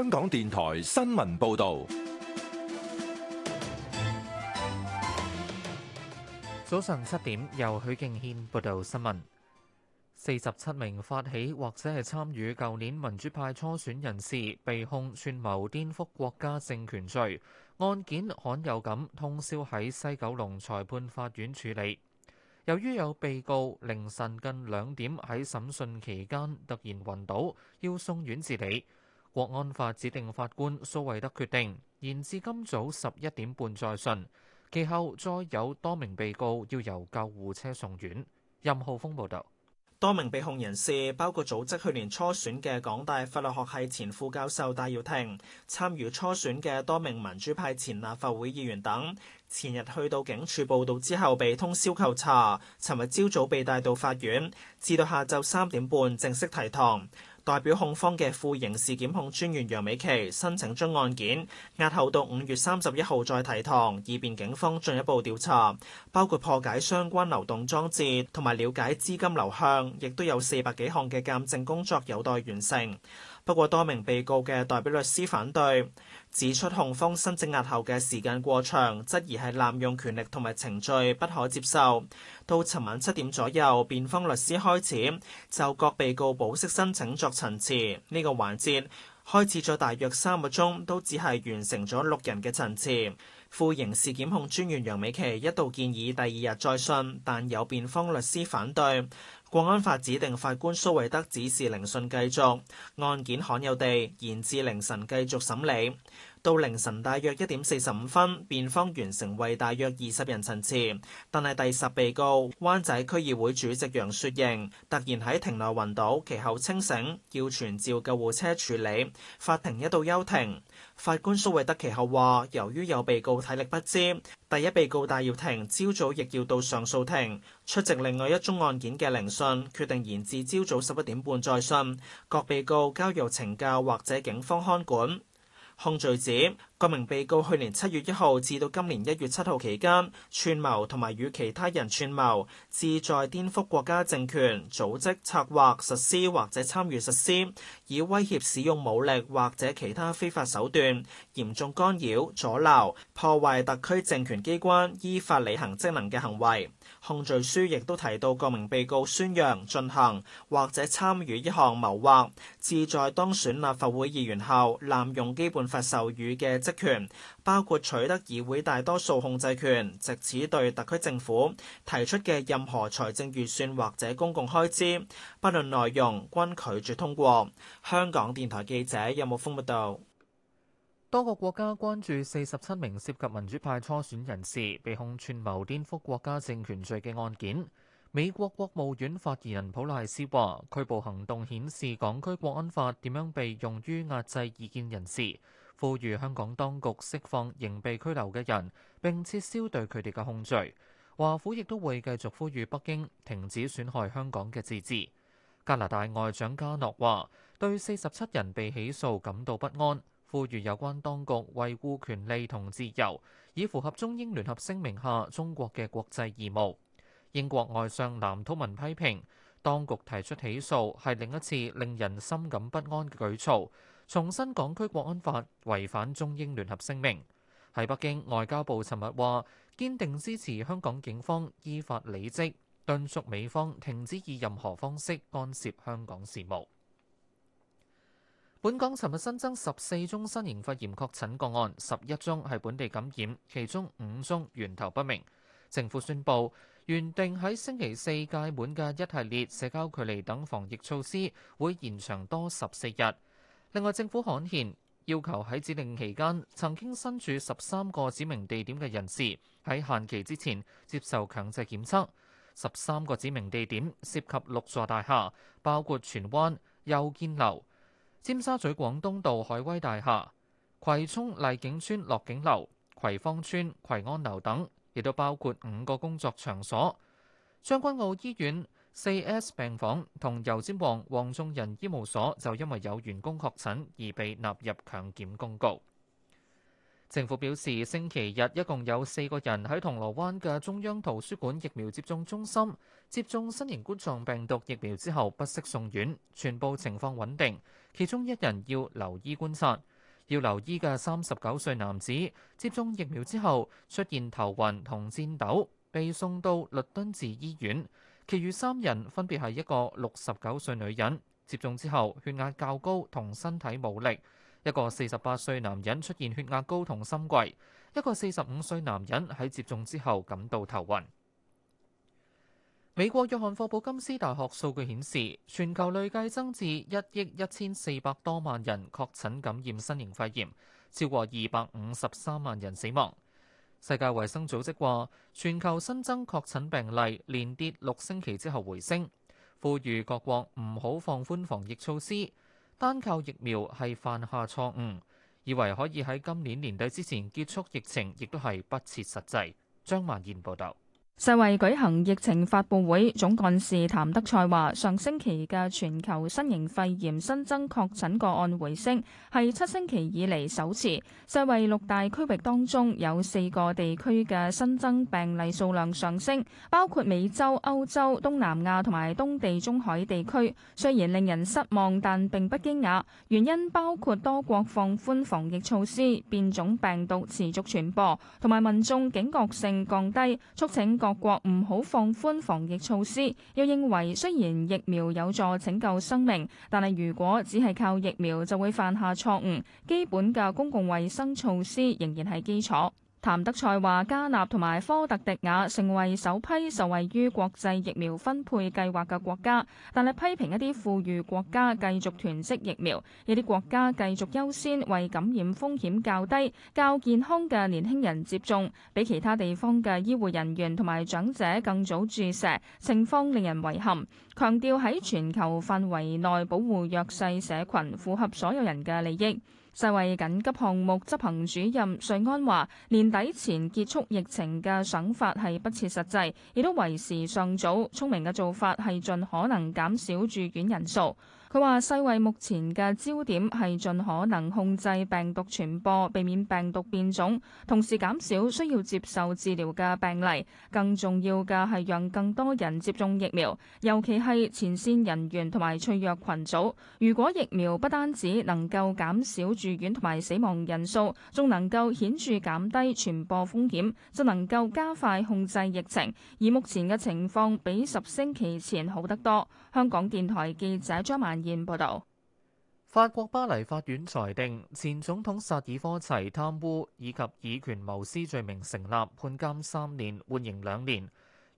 香港電台新聞報道，早晨七點，由許敬軒報道新聞。四十七名發起或者係參與舊年民主派初選人士，被控串謀顛覆國家政權罪案件，罕有咁通宵喺西九龍裁判法院處理。由於有被告凌晨近兩點喺審訊期間突然暈倒，要送院治理。國安法指定法官蘇惠德決定延至今早十一點半再訊，其後再有多名被告要由救護車送院。任浩峰報道，多名被控人士包括組織去年初選嘅港大法律學系前副教授戴耀廷，參與初選嘅多名民主派前立法會議員等。前日去到警署報到之後，被通宵扣查。尋日朝早被帶到法院，至到下晝三點半正式提堂。代表控方嘅副刑事檢控專員楊美琪申請將案件押後到五月三十一號再提堂，以便警方進一步調查，包括破解相關流動裝置同埋了解資金流向，亦都有四百幾項嘅鑑證工作有待完成。不過多名被告嘅代表律師反對，指出控方申請押後嘅時間過長，質疑係濫用權力同埋程序不可接受。到尋晚七點左右，辯方律師開始就各被告保釋申請作陳詞，呢個環節開始咗大約三個鐘，都只係完成咗六人嘅陳詞。副刑事檢控專員楊美琪一度建議第二日再訊，但有辯方律師反對。國安法指定法官蘇維德指示聆訊繼續，案件罕有地延至凌晨繼續審理。到凌晨大約一點四十五分，辯方完成為大約二十人陳詞。但係第十被告灣仔區議會主席楊雪盈突然喺庭內暈倒，其後清醒，要傳召救護車處理。法庭一度休庭，法官蘇惟德其後話，由於有被告體力不支，第一被告戴耀廷朝早亦要到上訴庭出席另外一宗案件嘅聆訊決定延至朝早十一點半再訊，各被告交由懲教或者警方看管。控罪指，各名被告去年七月一號至到今年一月七號期間串謀同埋與其他人串謀，旨在顛覆國家政權、組織、策劃、實施或者參與實施，以威脅使用武力或者其他非法手段，嚴重干擾、阻撓、破壞特區政權機關依法履行職能嘅行為。控罪書亦都提到，各名被告宣揚進行或者參與一項謀劃，旨在當選立法會議員後，濫用基本法授予嘅職權，包括取得議會大多數控制權，藉此對特區政府提出嘅任何財政預算或者公共開支，不論內容，均拒絕通過。香港電台記者任木峰報道。多個國家關注四十七名涉及民主派初選人士被控串謀顛覆國家政權罪嘅案件。美國國務院發言人普賴斯話，拘捕行動顯示港區國安法點樣被用於壓制異見人士，呼籲香港當局釋放仍被拘留嘅人，並撤銷對佢哋嘅控罪。華府亦都會繼續呼籲北京停止損害香港嘅自治。加拿大外長加諾話，對四十七人被起訴感到不安。呼籲有關當局維護權利同自由，以符合中英聯合聲明下中國嘅國際義務。英國外相藍韜文批評，當局提出起訴係另一次令人心感不安嘅舉措，重申港區國安法違反中英聯合聲明。喺北京，外交部尋日話，堅定支持香港警方依法履職，敦促美方停止以任何方式干涉香港事務。本港尋日新增十四宗新型肺炎確診個案，十一宗係本地感染，其中五宗源頭不明。政府宣布原定喺星期四屆滿嘅一系列社交距離等防疫措施會延長多十四日。另外，政府罕見要求喺指定期間曾經身處十三個指明地點嘅人士喺限期之前接受強制檢測。十三個指明地點涉及六座大廈，包括荃灣祐堅樓、尖沙咀廣東道海威大廈、葵涌荔景邨樂景樓、葵芳邨葵安樓等，亦都包括五個工作場所。將軍澳醫院 4S 病房同油尖旺黃眾仁醫務所就因為有員工確診而被納入強檢公告。政府表示，星期日一共有四個人喺銅鑼灣嘅中央圖書館疫苗接種中心接種新型冠狀病毒疫苗之後不適送院，全部情況穩定。其中一人要留醫觀察，要留醫嘅三十九歲男子接種疫苗之後出現頭暈同顫抖，被送到律敦治醫院。其餘三人分別係一個六十九歲女人，接種之後血壓較高同身體冇力。一個四十八歲男人出現血壓高同心悸，一個四十五歲男人喺接種之後感到頭暈。美國約翰霍普金斯大學數據顯示，全球累計增至一億一千四百多萬人確診感染新型肺炎，超過二百五十三萬人死亡。世界衛生組織話，全球新增確診病例連跌六星期之後回升，呼籲各國唔好放寬防疫措施。單靠疫苗係犯下錯誤，以為可以喺今年年底之前結束疫情，亦都係不切實際。張曼燕報道。世衛舉行疫情發佈會，總幹事譚德塞話：上星期嘅全球新型肺炎新增確診個案回升，係七星期以嚟首次。世衛六大區域當中有四個地區嘅新增病例數量上升，包括美洲、歐洲、東南亞同埋東地中海地區。雖然令人失望，但並不驚訝，原因包括多國放寬防疫措施、變種病毒持續傳播同埋民眾警覺性降低，促請各。各國唔好放寬防疫措施，又認為雖然疫苗有助拯救生命，但係如果只係靠疫苗就會犯下錯誤，基本嘅公共衛生措施仍然係基礎。譚德塞話：加納同埋科特迪瓦成為首批受惠於國際疫苗分配計劃嘅國家，但係批評一啲富裕國家繼續囤積疫苗，一啲國家繼續優先為感染風險較低、較健康嘅年輕人接種，比其他地方嘅醫護人員同埋長者更早注射，情況令人遺憾。強調喺全球範圍內保護弱勢社群符合所有人嘅利益。世衛緊急項目執行主任瑞安話：年底前結束疫情嘅想法係不切實際，亦都為時尚早。聰明嘅做法係盡可能減少住院人數。佢話世衛目前嘅焦點係盡可能控制病毒傳播，避免病毒變種，同時減少需要接受治療嘅病例。更重要嘅係讓更多人接種疫苗，尤其係前線人員同埋脆弱群組。如果疫苗不單止能夠減少住院同埋死亡人數，仲能夠顯著減低傳播風險，就能夠加快控制疫情。而目前嘅情況比十星期前好得多。香港電台記者張曼。報道：法國巴黎法院裁定前總統薩爾科齊貪污以及以權謀私罪名成立，判監三年，緩刑兩年，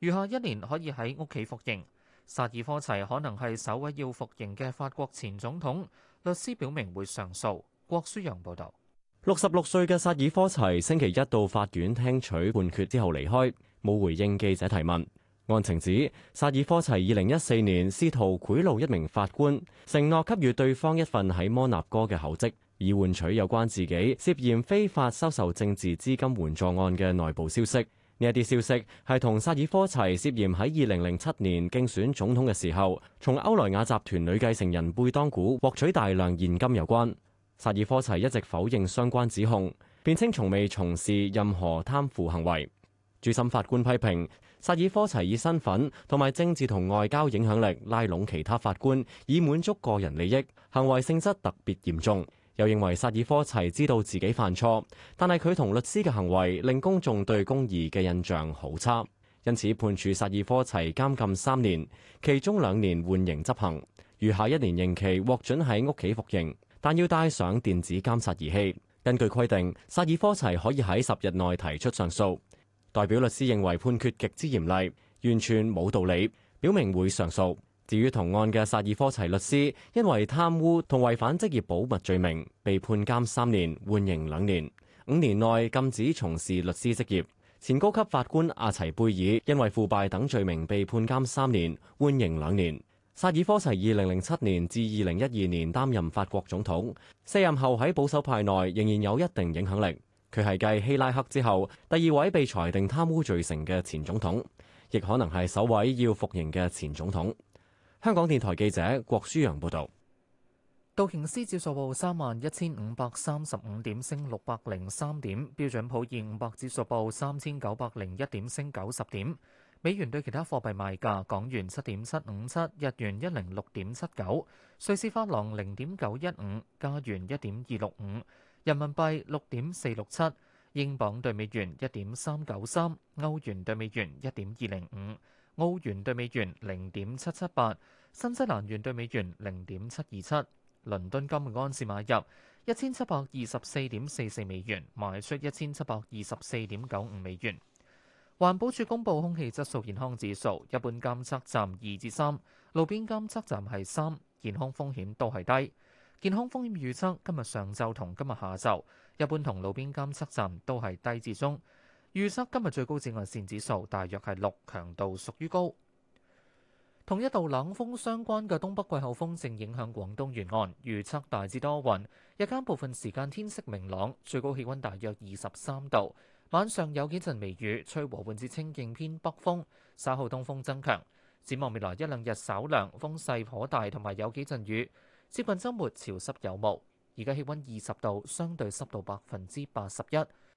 餘下一年可以喺屋企服刑。薩爾科齊可能係首位要服刑嘅法國前總統。律師表明會上訴。郭舒揚報道：六十六歲嘅薩爾科齊星期一到法院聽取判決之後離開，冇回應記者提問。案情指，薩爾科齊二零一四年試圖賄賂一名法官，承諾給予對方一份喺摩納哥嘅口職，以換取有關自己涉嫌非法收受政治資金援助案嘅內部消息。呢一啲消息係同薩爾科齊涉嫌喺二零零七年競選總統嘅時候，從歐萊雅集團女繼承人貝當古獲取大量現金有關。薩爾科齊一直否認相關指控，辯稱從未從事任何貪腐行為。主審法官批評薩爾科齊以身份同埋政治同外交影響力拉攏其他法官，以滿足個人利益，行為性質特別嚴重。又認為薩爾科齊知道自己犯錯，但係佢同律師嘅行為令公眾對公義嘅印象好差，因此判處薩爾科齊監禁三年，其中兩年緩刑執行，餘下一年刑期獲准喺屋企服刑，但要帶上電子監察儀器。根據規定，薩爾科齊可以喺十日內提出上訴。代表律師認為判決極之嚴厲，完全冇道理，表明會上訴。至於同案嘅薩爾科齊律師，因為貪污同違反職業保密罪名，被判監三年，緩刑兩年，五年內禁止從事律師職業。前高級法官阿齊貝爾因為腐敗等罪名被判監三年，緩刑兩年。薩爾科齊二零零七年至二零一二年擔任法國總統，卸任後喺保守派內仍然有一定影響力。佢係繼希拉克之後第二位被裁定貪污罪成嘅前總統，亦可能係首位要服刑嘅前總統。香港電台記者郭舒揚報導。道瓊斯指數報三萬一千五百三十五點，升六百零三點；標準普爾五百指數報三千九百零一點，升九十點。美元對其他貨幣賣價：港元七點七五七，日元一零六點七九，瑞士法郎零點九一五，加元一點二六五。人民幣六點四六七，英鎊對美元一點三九三，歐元對美元一點二零五，澳元對美元零點七七八，新西蘭元對美元零點七二七。倫敦金安士買入一千七百二十四點四四美元，賣出一千七百二十四點九五美元。環保署公布空氣質素健康指數，一般監測站二至三，3, 路邊監測站係三，健康風險都係低。健康風險預測今，上今日上晝同今日下晝，一般同路邊監測站都係低至中。預測今日最高紫外線指數大約係六，強度屬於高。同一道冷風相關嘅東北季候風正影響廣東沿岸，預測大致多雲，日間部分時間天色明朗，最高氣温大約二十三度。晚上有幾陣微雨，吹和緩至清勁偏北風，稍後東風增強。展望未來一兩日稍涼，風勢頗大，同埋有幾陣雨。接近周末，潮濕有霧。而家氣溫二十度，相對濕度百分之八十一。